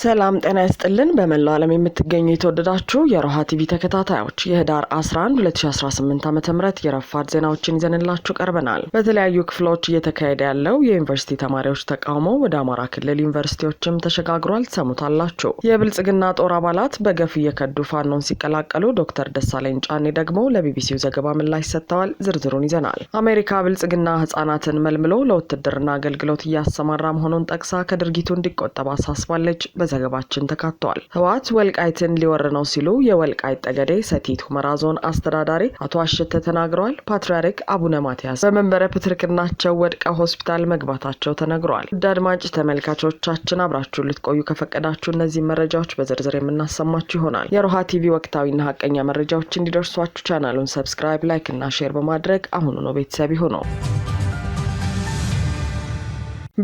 ሰላም ጤና ይስጥልን። በመላው ዓለም የምትገኙ የተወደዳችሁ የሮሃ ቲቪ ተከታታዮች የህዳር 11 2018 ዓ ም የረፋድ ዜናዎችን ይዘንላችሁ ቀርበናል። በተለያዩ ክፍሎች እየተካሄደ ያለው የዩኒቨርሲቲ ተማሪዎች ተቃውሞ ወደ አማራ ክልል ዩኒቨርሲቲዎችም ተሸጋግሯል። ሰሙታላችሁ። የብልጽግና ጦር አባላት በገፍ እየከዱ ፋኖን ሲቀላቀሉ ዶክተር ደሳለኝ ጫኔ ደግሞ ለቢቢሲው ዘገባ ምላሽ ሰጥተዋል። ዝርዝሩን ይዘናል። አሜሪካ ብልጽግና ህጻናትን መልምሎ ለውትድርና አገልግሎት እያሰማራ መሆኑን ጠቅሳ ከድርጊቱ እንዲቆጠብ አሳስባለች። በዘገባችን ተካተዋል። ህወሓት ወልቃይትን ሊወር ነው ሲሉ የወልቃይት ጠገዴ ሰቲት ሁመራ ዞን አስተዳዳሪ አቶ አሸተ ተናግረዋል። ፓትርያርክ አቡነ ማትያስ በመንበረ ፕትርክናቸው ወድቀው ሆስፒታል መግባታቸው ተነግረዋል። ውድ አድማጭ ተመልካቾቻችን አብራችሁን ልትቆዩ ከፈቀዳችሁ እነዚህ መረጃዎች በዝርዝር የምናሰማችሁ ይሆናል። የሮሃ ቲቪ ወቅታዊና ሀቀኛ መረጃዎች እንዲደርሷችሁ ቻናሉን ሰብስክራይብ፣ ላይክ እና ሼር በማድረግ አሁኑ ነው ቤተሰብ ይሁነው።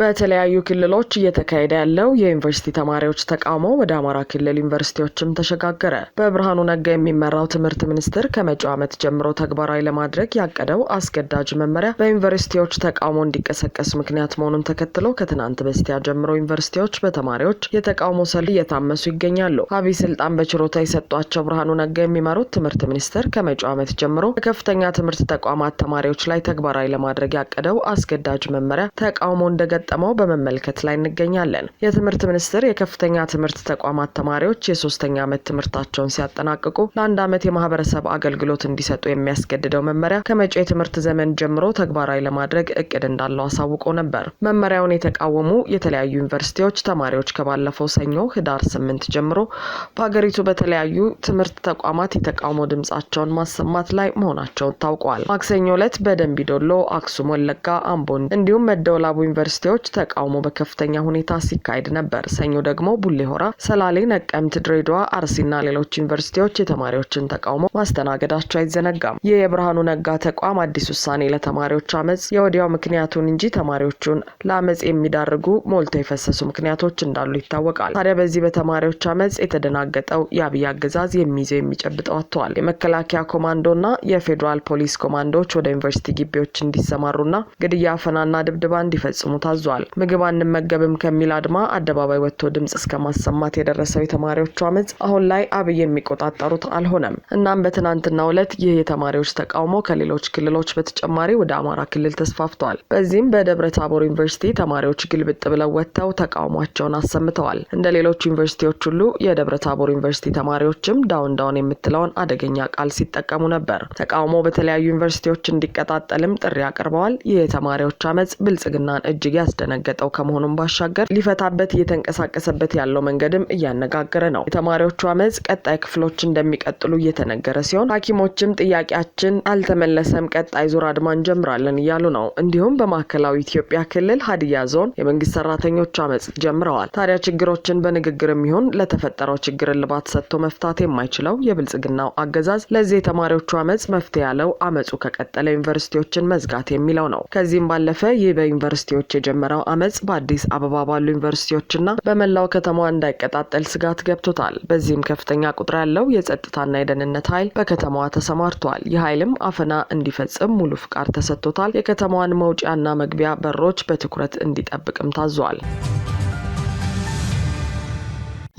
በተለያዩ ክልሎች እየተካሄደ ያለው የዩኒቨርሲቲ ተማሪዎች ተቃውሞ ወደ አማራ ክልል ዩኒቨርሲቲዎችም ተሸጋገረ። በብርሃኑ ነጋ የሚመራው ትምህርት ሚኒስቴር ከመጪው ዓመት ጀምሮ ተግባራዊ ለማድረግ ያቀደው አስገዳጅ መመሪያ በዩኒቨርሲቲዎች ተቃውሞ እንዲቀሰቀስ ምክንያት መሆኑን ተከትሎ ከትናንት በስቲያ ጀምሮ ዩኒቨርሲቲዎች በተማሪዎች የተቃውሞ ሰልፍ እየታመሱ ይገኛሉ። አብይ ስልጣን በችሮታ የሰጧቸው ብርሃኑ ነጋ የሚመሩት ትምህርት ሚኒስቴር ከመጪው ዓመት ጀምሮ በከፍተኛ ትምህርት ተቋማት ተማሪዎች ላይ ተግባራዊ ለማድረግ ያቀደው አስገዳጅ መመሪያ ተቃውሞ እንደገ እንደገጠመው በመመልከት ላይ እንገኛለን። የትምህርት ሚኒስቴር የከፍተኛ ትምህርት ተቋማት ተማሪዎች የሶስተኛ ዓመት ትምህርታቸውን ሲያጠናቅቁ ለአንድ ዓመት የማህበረሰብ አገልግሎት እንዲሰጡ የሚያስገድደው መመሪያ ከመጪ የትምህርት ዘመን ጀምሮ ተግባራዊ ለማድረግ እቅድ እንዳለው አሳውቆ ነበር። መመሪያውን የተቃወሙ የተለያዩ ዩኒቨርሲቲዎች ተማሪዎች ከባለፈው ሰኞ ህዳር ስምንት ጀምሮ በሀገሪቱ በተለያዩ ትምህርት ተቋማት የተቃውሞ ድምጻቸውን ማሰማት ላይ መሆናቸውን ታውቋል። ማክሰኞ ዕለት በደንቢዶሎ፣ አክሱም፣ ወለጋ፣ አምቦ እንዲሁም መደወላቡ ዩኒቨርሲቲዎች አካባቢዎች ተቃውሞ በከፍተኛ ሁኔታ ሲካሄድ ነበር። ሰኞ ደግሞ ቡሌ ሆራ፣ ሰላሌ፣ ነቀምት፣ ድሬዳዋ፣ አርሲና ሌሎች ዩኒቨርሲቲዎች የተማሪዎችን ተቃውሞ ማስተናገዳቸው አይዘነጋም። ይህ የብርሃኑ ነጋ ተቋም አዲስ ውሳኔ ለተማሪዎች አመፅ የወዲያው ምክንያቱን እንጂ ተማሪዎቹን ለአመፅ የሚዳርጉ ሞልተው የፈሰሱ ምክንያቶች እንዳሉ ይታወቃል። ታዲያ በዚህ በተማሪዎች አመፅ የተደናገጠው የአብይ አገዛዝ የሚይዘው የሚጨብጠው አጥተዋል። የመከላከያ ኮማንዶና የፌዴራል ፖሊስ ኮማንዶዎች ወደ ዩኒቨርሲቲ ግቢዎች እንዲሰማሩና ግድያ፣ አፈናና ድብድባ እንዲፈጽሙ ታዟል። ታዟል። ምግብ አንመገብም ከሚል አድማ አደባባይ ወጥቶ ድምጽ እስከ ማሰማት የደረሰው የተማሪዎቹ አመፅ አሁን ላይ አብይ የሚቆጣጠሩት አልሆነም። እናም በትናንትናው ዕለት ይህ የተማሪዎች ተቃውሞ ከሌሎች ክልሎች በተጨማሪ ወደ አማራ ክልል ተስፋፍቷል። በዚህም በደብረ ታቦር ዩኒቨርሲቲ ተማሪዎች ግልብጥ ብለው ወጥተው ተቃውሟቸውን አሰምተዋል። እንደ ሌሎች ዩኒቨርሲቲዎች ሁሉ የደብረ ታቦር ዩኒቨርሲቲ ተማሪዎችም ዳውን ዳውን የምትለውን አደገኛ ቃል ሲጠቀሙ ነበር። ተቃውሞ በተለያዩ ዩኒቨርሲቲዎች እንዲቀጣጠልም ጥሪ አቅርበዋል። ይህ የተማሪዎች አመፅ ብልጽግናን እጅግ ያስ ያስደነገጠው ከመሆኑም ባሻገር ሊፈታበት እየተንቀሳቀሰበት ያለው መንገድም እያነጋገረ ነው። የተማሪዎቹ አመፅ ቀጣይ ክፍሎች እንደሚቀጥሉ እየተነገረ ሲሆን ሐኪሞችም ጥያቄያችን አልተመለሰም፣ ቀጣይ ዙር አድማ እንጀምራለን እያሉ ነው። እንዲሁም በማዕከላዊ ኢትዮጵያ ክልል ሀዲያ ዞን የመንግስት ሰራተኞች አመፅ ጀምረዋል። ታዲያ ችግሮችን በንግግርም ይሁን ለተፈጠረው ችግር እልባት ሰጥቶ መፍታት የማይችለው የብልጽግናው አገዛዝ ለዚህ የተማሪዎቹ አመፅ መፍትሄ ያለው አመፁ ከቀጠለ ዩኒቨርሲቲዎችን መዝጋት የሚለው ነው። ከዚህም ባለፈ ይህ በዩኒቨርሲቲዎች የጀመ የተጀመረው አመፅ በአዲስ አበባ ባሉ ዩኒቨርሲቲዎችና በመላው ከተማ እንዳይቀጣጠል ስጋት ገብቶታል። በዚህም ከፍተኛ ቁጥር ያለው የጸጥታና የደህንነት ኃይል በከተማዋ ተሰማርተዋል። ይህ ኃይልም አፈና እንዲፈጽም ሙሉ ፍቃድ ተሰጥቶታል። የከተማዋን መውጫና መግቢያ በሮች በትኩረት እንዲጠብቅም ታዟል።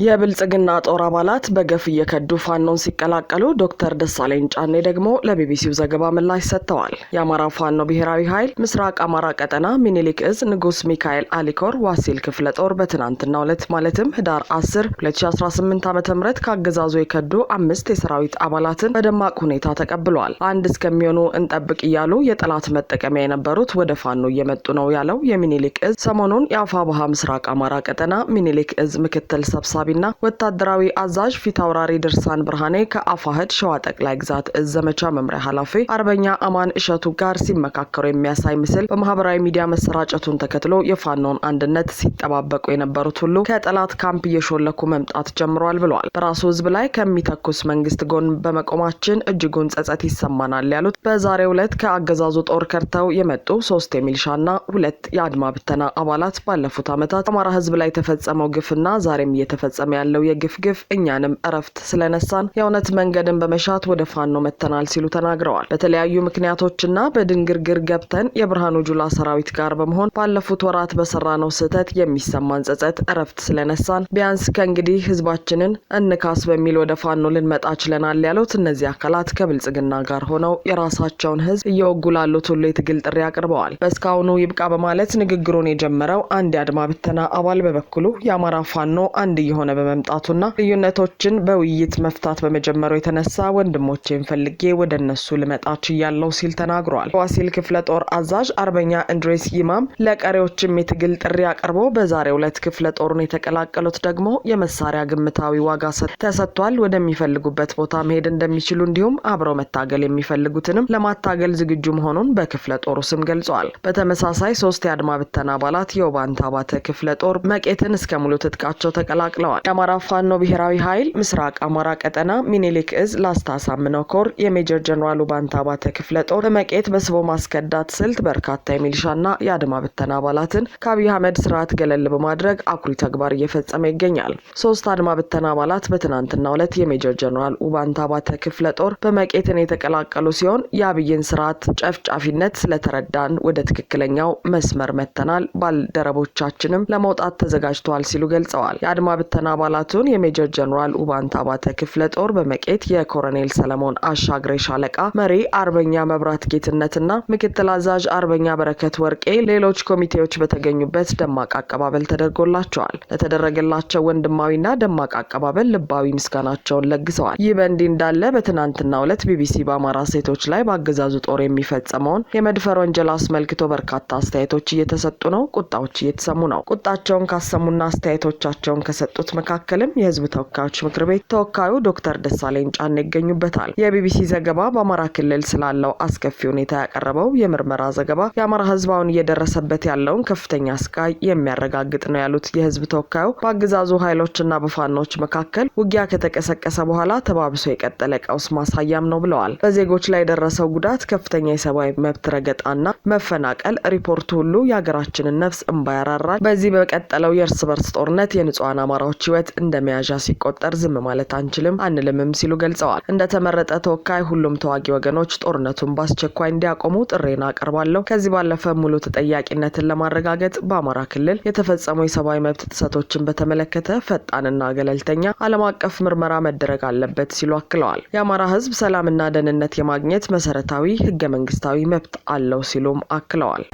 የብልጽግና ጦር አባላት በገፍ እየከዱ ፋኖን ሲቀላቀሉ ዶክተር ደሳለኝ ጫኔ ደግሞ ለቢቢሲው ዘገባ ምላሽ ሰጥተዋል። የአማራ ፋኖ ብሔራዊ ኃይል ምስራቅ አማራ ቀጠና ሚኒሊክ እዝ ንጉስ ሚካኤል አሊኮር ዋሲል ክፍለ ጦር በትናንትናው ዕለት ማለትም ህዳር 10 2018 ዓ ም ከአገዛዙ የከዱ አምስት የሰራዊት አባላትን በደማቅ ሁኔታ ተቀብለዋል። አንድ እስከሚሆኑ እንጠብቅ እያሉ የጠላት መጠቀሚያ የነበሩት ወደ ፋኖ እየመጡ ነው ያለው የሚኒሊክ እዝ ሰሞኑን የአፋ ባሃ ምስራቅ አማራ ቀጠና ሚኒሊክ እዝ ምክትል ሰብሳቢ ሰብሳቢና ወታደራዊ አዛዥ ፊት አውራሪ ድርሳን ብርሃኔ ከአፋህድ ሸዋ ጠቅላይ ግዛት እዝ ዘመቻ መምሪያ ኃላፊ አርበኛ አማን እሸቱ ጋር ሲመካከሩ የሚያሳይ ምስል በማህበራዊ ሚዲያ መሰራጨቱን ተከትሎ የፋኖን አንድነት ሲጠባበቁ የነበሩት ሁሉ ከጠላት ካምፕ እየሾለኩ መምጣት ጀምሯል ብለዋል። በራሱ ህዝብ ላይ ከሚተኩስ መንግስት ጎን በመቆማችን እጅጉን ጸጸት ይሰማናል ያሉት በዛሬው ዕለት ከአገዛዙ ጦር ከርተው የመጡ ሶስት የሚልሻና ሁለት የአድማ ብተና አባላት ባለፉት ዓመታት አማራ ህዝብ ላይ የተፈጸመው ግፍና ዛሬም እየተፈ እየተፈጸመ ያለው የግፍ ግፍ እኛንም እረፍት ስለነሳን የእውነት መንገድን በመሻት ወደ ፋኖ መተናል ሲሉ ተናግረዋል። በተለያዩ ምክንያቶችና በድንግርግር ገብተን የብርሃኑ ጁላ ሰራዊት ጋር በመሆን ባለፉት ወራት በሰራነው ስህተት የሚሰማን ጸጸት እረፍት ስለነሳን ቢያንስ ከእንግዲህ ህዝባችንን እንካስ በሚል ወደ ፋኖ ልንመጣ ችለናል ያሉት እነዚህ አካላት ከብልጽግና ጋር ሆነው የራሳቸውን ህዝብ እየወጉ ላሉት ሁሉ የትግል ጥሪ አቅርበዋል። በእስካሁኑ ይብቃ በማለት ንግግሩን የጀመረው አንድ የአድማ ብተና አባል በበኩሉ የአማራ ፋኖ አንድ እየሆነ እየሆነ በመምጣቱና ልዩነቶችን በውይይት መፍታት በመጀመሩ የተነሳ ወንድሞቼን ፈልጌ ወደ እነሱ ልመጣ ችያለሁ ሲል ተናግሯል። ዋሲል ክፍለ ጦር አዛዥ አርበኛ እንድሬስ ይማም ለቀሪዎችም የትግል ጥሪ አቅርቦ በዛሬው ዕለት ክፍለ ጦሩን የተቀላቀሉት ደግሞ የመሳሪያ ግምታዊ ዋጋ ተሰጥቷል። ወደሚፈልጉበት ቦታ መሄድ እንደሚችሉ እንዲሁም አብረው መታገል የሚፈልጉትንም ለማታገል ዝግጁ መሆኑን በክፍለ ጦሩ ስም ገልጿል። በተመሳሳይ ሶስት የአድማ ብተና አባላት የውባንታ አባተ ክፍለ ጦር መቄትን እስከ ሙሉ ትጥቃቸው ተቀላቅለዋል። ተጠቅመዋል። የአማራ ፋኖ ብሔራዊ ኃይል ምስራቅ አማራ ቀጠና ሚኒሊክ እዝ ላስታ ምኖኮር ኮር የሜጀር ጀኔራሉ ባንታ ክፍለ ጦር በመቄት በስቦ ማስከዳት ስልት በርካታ የሚሊሻና የአድማ ብተና አባላትን ከአብይ አህመድ ስርዓት ገለል በማድረግ አኩሪ ተግባር እየፈጸመ ይገኛል። ሶስት አድማ ብተና አባላት በትናንትናው ዕለት የሜጀር ጀኔራል ኡባንታ ክፍለ ጦር በመቄትን የተቀላቀሉ ሲሆን የአብይን ስርዓት ጨፍጫፊነት ስለተረዳን ወደ ትክክለኛው መስመር መተናል፣ ባልደረቦቻችንም ለመውጣት ተዘጋጅተዋል ሲሉ ገልጸዋል። የአድማ ብተና ፕላቶን አባላቱን የሜጀር ጀኔራል ኡባንታ አባተ ክፍለ ጦር በመቄት የኮሎኔል ሰለሞን አሻግሬ ሻለቃ መሪ አርበኛ መብራት ጌትነትና ምክትል አዛዥ አርበኛ በረከት ወርቄ፣ ሌሎች ኮሚቴዎች በተገኙበት ደማቅ አቀባበል ተደርጎላቸዋል። ለተደረገላቸው ወንድማዊና ደማቅ አቀባበል ልባዊ ምስጋናቸውን ለግሰዋል። ይህ በእንዲህ እንዳለ በትናንትናው ዕለት ቢቢሲ በአማራ ሴቶች ላይ በአገዛዙ ጦር የሚፈጸመውን የመድፈር ወንጀል አስመልክቶ በርካታ አስተያየቶች እየተሰጡ ነው። ቁጣዎች እየተሰሙ ነው። ቁጣቸውን ካሰሙና አስተያየቶቻቸውን ከሰጡት መካከልም የህዝብ ተወካዮች ምክር ቤት ተወካዩ ዶክተር ደሳለኝ ጫን ይገኙበታል። የቢቢሲ ዘገባ በአማራ ክልል ስላለው አስከፊ ሁኔታ ያቀረበው የምርመራ ዘገባ የአማራ ህዝባውን እየደረሰበት ያለውን ከፍተኛ ስቃይ የሚያረጋግጥ ነው ያሉት የህዝብ ተወካዩ በአገዛዙ ኃይሎችና በፋኖች መካከል ውጊያ ከተቀሰቀሰ በኋላ ተባብሶ የቀጠለ ቀውስ ማሳያም ነው ብለዋል። በዜጎች ላይ የደረሰው ጉዳት ከፍተኛ የሰብአዊ መብት ረገጣና መፈናቀል ሪፖርቱ ሁሉ የሀገራችንን ነፍስ እምባ ያራራል። በዚህ በቀጠለው የእርስ በርስ ጦርነት የንጹሐን አማራዎች ህይወት እንደ መያዣ ሲቆጠር ዝም ማለት አንችልም አንልምም ሲሉ ገልጸዋል። እንደተመረጠ ተወካይ ሁሉም ተዋጊ ወገኖች ጦርነቱን በአስቸኳይ እንዲያቆሙ ጥሬን አቀርባለሁ። ከዚህ ባለፈ ሙሉ ተጠያቂነትን ለማረጋገጥ በአማራ ክልል የተፈጸሙ የሰብአዊ መብት ጥሰቶችን በተመለከተ ፈጣንና ገለልተኛ ዓለም አቀፍ ምርመራ መደረግ አለበት ሲሉ አክለዋል። የአማራ ህዝብ ሰላምና ደህንነት የማግኘት መሰረታዊ ህገ መንግስታዊ መብት አለው ሲሉም አክለዋል።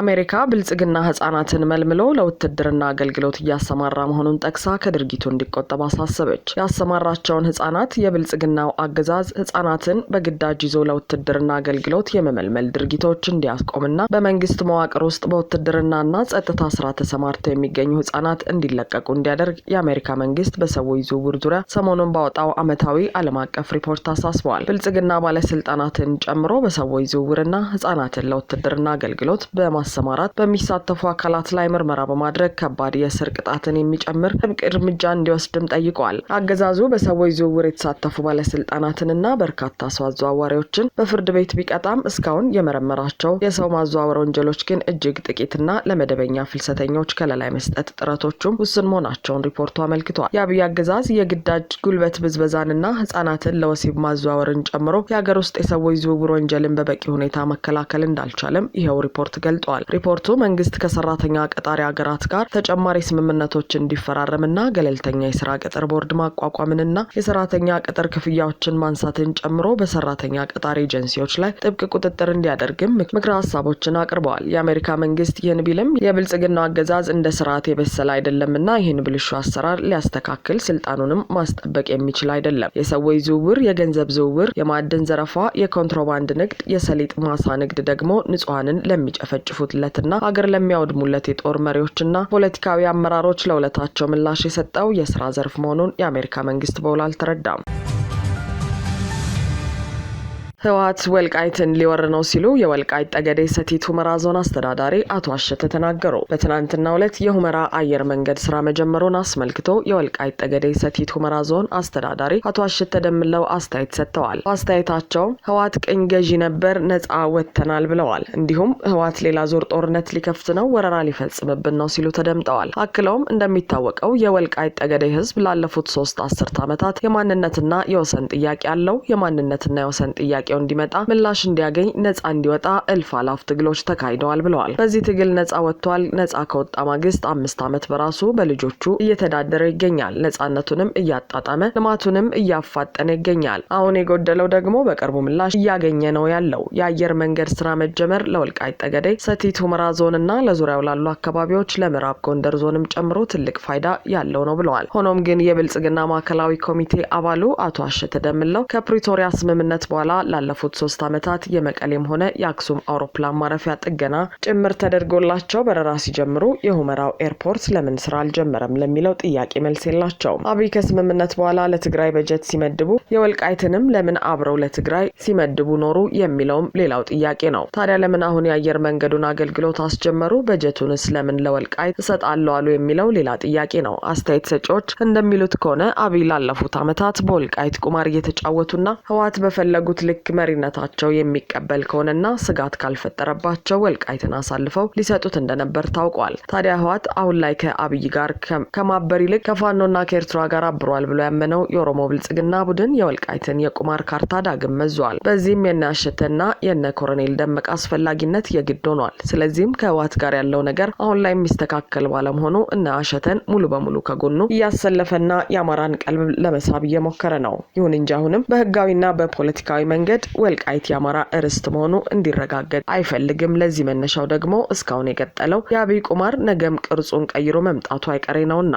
አሜሪካ ብልጽግና ህጻናትን መልምሎ ለውትድርና አገልግሎት እያሰማራ መሆኑን ጠቅሳ ከድርጊቱ እንዲቆጠብ አሳሰበች። ያሰማራቸውን ህጻናት የብልጽግናው አገዛዝ ህጻናትን በግዳጅ ይዞ ለውትድርና አገልግሎት የመመልመል ድርጊቶች እንዲያስቆምና በመንግስት መዋቅር ውስጥ በውትድርናና ጸጥታ ስራ ተሰማርተው የሚገኙ ህጻናት እንዲለቀቁ እንዲያደርግ የአሜሪካ መንግስት በሰዎች ዝውውር ዙሪያ ሰሞኑን ባወጣው ዓመታዊ ዓለም አቀፍ ሪፖርት አሳስበዋል። ብልጽግና ባለስልጣናትን ጨምሮ በሰዎች ዝውውርና ህጻናትን ለውትድርና አገልግሎት በማ በማሰማራት በሚሳተፉ አካላት ላይ ምርመራ በማድረግ ከባድ የእስር ቅጣትን የሚጨምር ጥብቅ እርምጃ እንዲወስድም ጠይቀዋል። አገዛዙ በሰዎች ዝውውር የተሳተፉ ባለስልጣናትንና በርካታ ሰው አዘዋዋሪዎችን በፍርድ ቤት ቢቀጣም እስካሁን የመረመራቸው የሰው ማዘዋወር ወንጀሎች ግን እጅግ ጥቂትና ለመደበኛ ፍልሰተኞች ከለላ መስጠት ጥረቶቹም ውስን መሆናቸውን ሪፖርቱ አመልክቷል። የአብይ አገዛዝ የግዳጅ ጉልበት ብዝበዛንና ህጻናትን ለወሲብ ማዘዋወርን ጨምሮ የሀገር ውስጥ የሰዎች ዝውውር ወንጀልን በበቂ ሁኔታ መከላከል እንዳልቻለም ይኸው ሪፖርት ገልጧል። ተናግረዋል። ሪፖርቱ መንግስት ከሰራተኛ ቀጣሪ ሀገራት ጋር ተጨማሪ ስምምነቶች እንዲፈራረምና ገለልተኛ የስራ ቅጥር ቦርድ ማቋቋምንና የሰራተኛ ቅጥር ክፍያዎችን ማንሳትን ጨምሮ በሰራተኛ ቀጣሪ ኤጀንሲዎች ላይ ጥብቅ ቁጥጥር እንዲያደርግም ምክረ ሀሳቦችን አቅርበዋል። የአሜሪካ መንግስት ይህን ቢልም የብልጽግናው አገዛዝ እንደ ስርዓት የበሰለ አይደለምና ይህን ብልሹ አሰራር ሊያስተካክል ስልጣኑንም ማስጠበቅ የሚችል አይደለም። የሰዎች ዝውውር፣ የገንዘብ ዝውውር፣ የማዕድን ዘረፋ፣ የኮንትሮባንድ ንግድ፣ የሰሊጥ ማሳ ንግድ ደግሞ ንጹሐንን ለሚጨፈጭፉ ለሚያስደግፉትለትና ሀገር ለሚያወድሙለት የጦር መሪዎችና ፖለቲካዊ አመራሮች ለውለታቸው ምላሽ የሰጠው የስራ ዘርፍ መሆኑን የአሜሪካ መንግስት በውል አልተረዳም። ህወሀት ወልቃይትን ሊወር ነው ሲሉ የወልቃይት ጠገዴ ሰቲት ሁመራ ዞን አስተዳዳሪ አቶ አሸተ ተናገሩ። በትናንትናው ዕለት የሁመራ አየር መንገድ ስራ መጀመሩን አስመልክቶ የወልቃይት ጠገዴ ሰቲት ሁመራ ዞን አስተዳዳሪ አቶ አሸተ ደምለው አስተያየት ሰጥተዋል። በአስተያየታቸው ህወሀት ቅኝ ገዢ ነበር፣ ነጻ ወጥተናል ብለዋል። እንዲሁም ህወሀት ሌላ ዙር ጦርነት ሊከፍት ነው፣ ወረራ ሊፈጽምብን ነው ሲሉ ተደምጠዋል። አክለውም እንደሚታወቀው የወልቃይት ጠገዴ ህዝብ ላለፉት ሶስት አስርት ዓመታት የማንነትና የወሰን ጥያቄ አለው። የማንነትና የወሰን ጥያቄ ጥያቄው እንዲመጣ ምላሽ እንዲያገኝ ነጻ እንዲወጣ እልፍ አላፍ ትግሎች ተካሂደዋል ብለዋል። በዚህ ትግል ነጻ ወጥቷል። ነጻ ከወጣ ማግስት አምስት ዓመት በራሱ በልጆቹ እየተዳደረ ይገኛል። ነጻነቱንም እያጣጣመ ልማቱንም እያፋጠነ ይገኛል። አሁን የጎደለው ደግሞ በቅርቡ ምላሽ እያገኘ ነው ያለው የአየር መንገድ ስራ መጀመር ለወልቃይት ጠገዴ፣ ሰቲት ሁመራ ዞንና ለዙሪያው ላሉ አካባቢዎች ለምዕራብ ጎንደር ዞንም ጨምሮ ትልቅ ፋይዳ ያለው ነው ብለዋል። ሆኖም ግን የብልጽግና ማዕከላዊ ኮሚቴ አባሉ አቶ አሸተ ደምለው ከፕሪቶሪያ ስምምነት በኋላ ላለፉት ሶስት ዓመታት የመቀሌም ሆነ የአክሱም አውሮፕላን ማረፊያ ጥገና ጭምር ተደርጎላቸው በረራ ሲጀምሩ የሁመራው ኤርፖርት ለምን ስራ አልጀመረም ለሚለው ጥያቄ መልስ የላቸውም። አብይ ከስምምነት በኋላ ለትግራይ በጀት ሲመድቡ የወልቃይትንም ለምን አብረው ለትግራይ ሲመድቡ ኖሩ የሚለውም ሌላው ጥያቄ ነው። ታዲያ ለምን አሁን የአየር መንገዱን አገልግሎት አስጀመሩ? በጀቱንስ ለምን ለወልቃይት እሰጣለሁ አሉ የሚለው ሌላ ጥያቄ ነው። አስተያየት ሰጪዎች እንደሚሉት ከሆነ አብይ ላለፉት ዓመታት በወልቃይት ቁማር እየተጫወቱና ህወሓት በፈለጉት ልክ ምትክ መሪነታቸው የሚቀበል ከሆነና ስጋት ካልፈጠረባቸው ወልቃይትን አሳልፈው ሊሰጡት እንደነበር ታውቋል። ታዲያ ህወሓት አሁን ላይ ከአብይ ጋር ከማበር ይልቅ ከፋኖና ከኤርትራ ጋር አብሯል ብሎ ያመነው የኦሮሞ ብልጽግና ቡድን የወልቃይትን የቁማር ካርታ ዳግም መዟል። በዚህም የነ የነ ኮሎኔል ደመቀ አስፈላጊነት የግድ ሆኗል። ስለዚህም ከህወሓት ጋር ያለው ነገር አሁን ላይ የሚስተካከል ባለመሆኑ እነ አሸተን ሙሉ በሙሉ ከጎኑ እያሰለፈና የአማራን ቀልብ ለመሳብ እየሞከረ ነው። ይሁን እንጂ አሁንም በህጋዊና በፖለቲካዊ መንገድ መንገድ ወልቃይት የአማራ እርስት መሆኑ እንዲረጋገጥ አይፈልግም። ለዚህ መነሻው ደግሞ እስካሁን የቀጠለው የአብይ ቁማር ነገም ቅርጹን ቀይሮ መምጣቱ አይቀሬ ነውና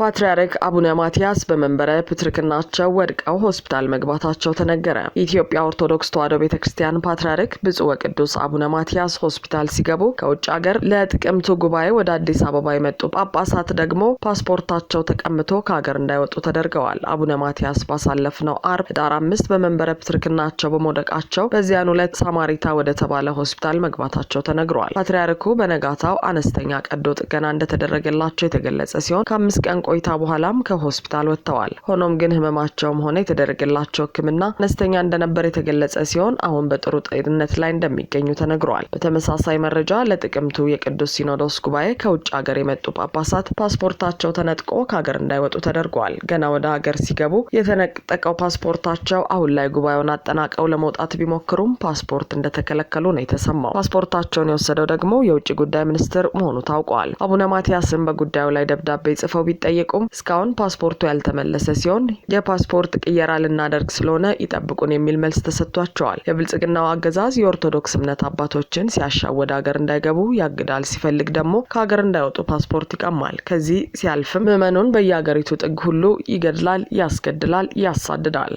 ፓትርያርክ አቡነ ማትያስ በመንበረ ፕትርክናቸው ወድቀው ሆስፒታል መግባታቸው ተነገረ። የኢትዮጵያ ኦርቶዶክስ ተዋሕዶ ቤተ ክርስቲያን ፓትርያርክ ብፁዕ ወቅዱስ አቡነ ማቲያስ ሆስፒታል ሲገቡ ከውጭ ሀገር ለጥቅምቱ ጉባኤ ወደ አዲስ አበባ የመጡ ጳጳሳት ደግሞ ፓስፖርታቸው ተቀምቶ ከሀገር እንዳይወጡ ተደርገዋል። አቡነ ማቲያስ ባሳለፍነው አርብ ህዳር አምስት በመንበረ ፕትርክናቸው በመውደቃቸው በዚያን ዕለት ሳማሪታ ወደ ተባለ ሆስፒታል መግባታቸው ተነግሯል። ፓትርያርኩ በነጋታው አነስተኛ ቀዶ ጥገና እንደተደረገላቸው የተገለጸ ሲሆን ከአምስት ቀን ቆይታ በኋላም ከሆስፒታል ወጥተዋል። ሆኖም ግን ህመማቸውም ሆነ የተደረገላቸው ሕክምና አነስተኛ እንደነበር የተገለጸ ሲሆን አሁን በጥሩ ጤንነት ላይ እንደሚገኙ ተነግሯል። በተመሳሳይ መረጃ ለጥቅምቱ የቅዱስ ሲኖዶስ ጉባኤ ከውጭ ሀገር የመጡ ጳጳሳት ፓስፖርታቸው ተነጥቆ ከሀገር እንዳይወጡ ተደርገዋል። ገና ወደ ሀገር ሲገቡ የተነጠቀው ፓስፖርታቸው አሁን ላይ ጉባኤውን አጠናቀው ለመውጣት ቢሞክሩም ፓስፖርት እንደተከለከሉ ነው የተሰማው። ፓስፖርታቸውን የወሰደው ደግሞ የውጭ ጉዳይ ሚኒስትር መሆኑ ታውቋል። አቡነ ማቲያስም በጉዳዩ ላይ ደብዳቤ ጽፈው ቢጠየቁ ቢጠየቁም እስካሁን ፓስፖርቱ ያልተመለሰ ሲሆን የፓስፖርት ቅየራ ልናደርግ ስለሆነ ይጠብቁን የሚል መልስ ተሰጥቷቸዋል። የብልጽግናው አገዛዝ የኦርቶዶክስ እምነት አባቶችን ሲያሻወደ ሀገር እንዳይገቡ ያግዳል፣ ሲፈልግ ደግሞ ከሀገር እንዳይወጡ ፓስፖርት ይቀማል። ከዚህ ሲያልፍም ምዕመኑን በየሀገሪቱ ጥግ ሁሉ ይገድላል፣ ያስገድላል፣ ያሳድዳል።